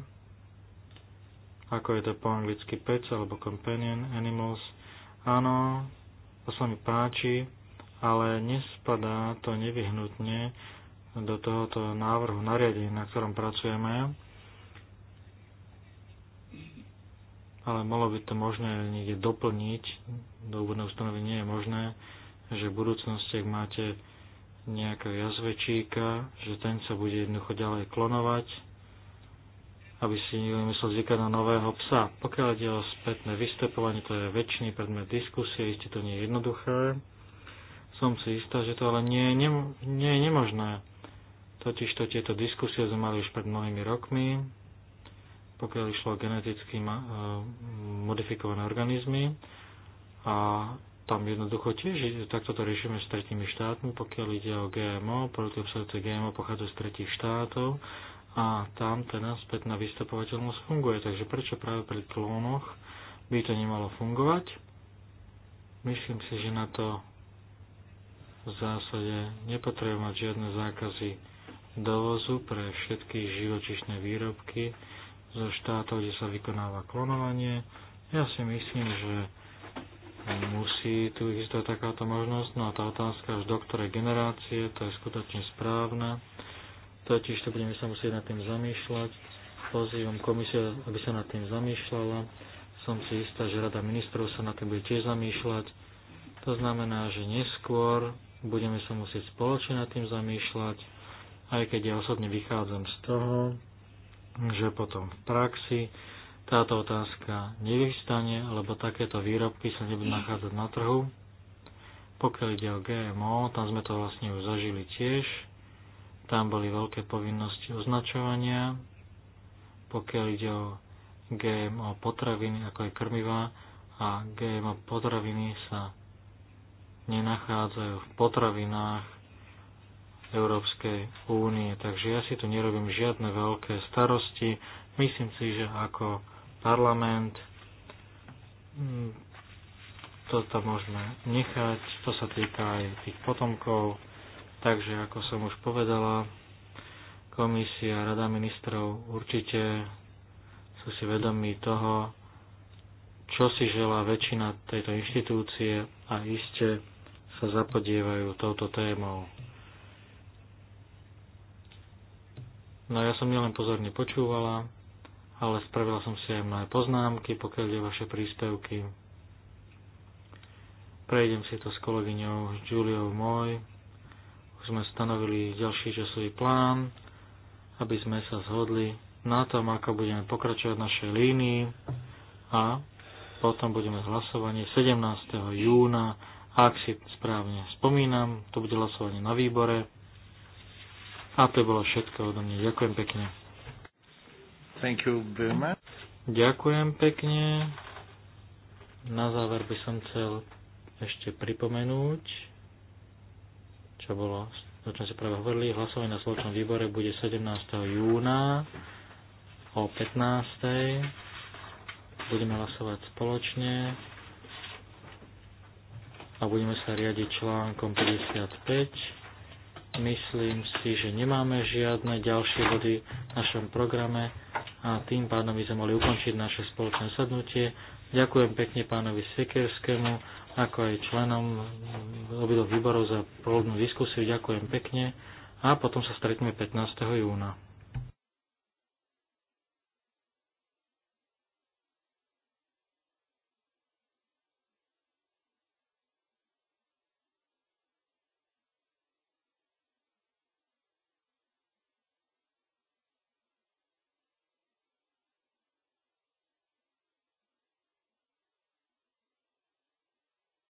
[SPEAKER 3] ako je to po anglicky pets alebo companion animals. Áno, to sa mi páči, ale nespadá to nevyhnutne do tohoto návrhu nariadenia, na ktorom pracujeme. Ale malo by to možné niekde doplniť, do úvodnej ustanovy nie je možné, že v budúcnosti, ak máte nejakého jazvečíka, že ten sa bude jednoducho ďalej klonovať, aby si nemusel zvykať na nového psa. Pokiaľ ide o spätné vystupovanie, to je väčšiný predmet diskusie, isté to nie je jednoduché. Som si istá, že to ale nie, nie, nie je nemožné. Totižto tieto diskusie sme mali už pred mnohými rokmi, pokiaľ išlo o geneticky e, modifikované organizmy. A tam jednoducho tiež takto to riešime s tretími štátmi, pokiaľ ide o GMO, produkty obsahujúce GMO pochádza z tretích štátov a tam teda spätná vystupovateľnosť funguje. Takže prečo práve pri klónoch by to nemalo fungovať? Myslím si, že na to v zásade nepotrebujem mať žiadne zákazy dovozu pre všetky živočišné výrobky zo štátov, kde sa vykonáva klonovanie. Ja si myslím, že musí tu existovať takáto možnosť. No a tá otázka až do ktorej generácie, to je skutočne správne totiž to budeme sa musieť nad tým zamýšľať. Pozývam komisiu, aby sa nad tým zamýšľala. Som si istá, že Rada ministrov sa nad tým bude tiež zamýšľať. To znamená, že neskôr budeme sa musieť spoločne nad tým zamýšľať, aj keď ja osobne vychádzam z toho, že potom v praxi táto otázka nevystane, lebo takéto výrobky sa nebudú nachádzať na trhu. Pokiaľ ide o GMO, tam sme to vlastne už zažili tiež, tam boli veľké povinnosti označovania, pokiaľ ide o GMO potraviny, ako je krmivá, a GMO potraviny sa nenachádzajú v potravinách Európskej únie. Takže ja si tu nerobím žiadne veľké starosti. Myslím si, že ako parlament mm, to tam môžeme nechať. To sa týka aj tých potomkov. Takže, ako som už povedala, komisia, rada ministrov určite sú si vedomí toho, čo si želá väčšina tejto inštitúcie a iste sa zapodievajú touto témou. No ja som nielen pozorne počúvala, ale spravila som si aj mnohé poznámky, pokiaľ je vaše príspevky. Prejdem si to s kolegyňou Juliou Moj, sme stanovili ďalší časový plán, aby sme sa zhodli na tom, ako budeme pokračovať v našej línii a potom budeme hlasovanie 17. júna, ak si správne spomínam, to bude hlasovanie na výbore. A to bolo všetko odo mňa. Ďakujem pekne. Thank you very much. Ďakujem pekne. Na záver by som chcel ešte pripomenúť, čo bolo, o čom sa práve hovorili. Hlasovanie na spoločnom výbore bude 17. júna o 15. Budeme hlasovať spoločne a budeme sa riadiť článkom 55. Myslím si, že nemáme žiadne ďalšie body v našom programe a tým pádom by sme mohli ukončiť naše spoločné sadnutie. Ďakujem pekne pánovi Sekerskému ako aj členom obidvoch výborov za plodnú diskusiu. Ďakujem pekne a potom sa stretneme 15. júna.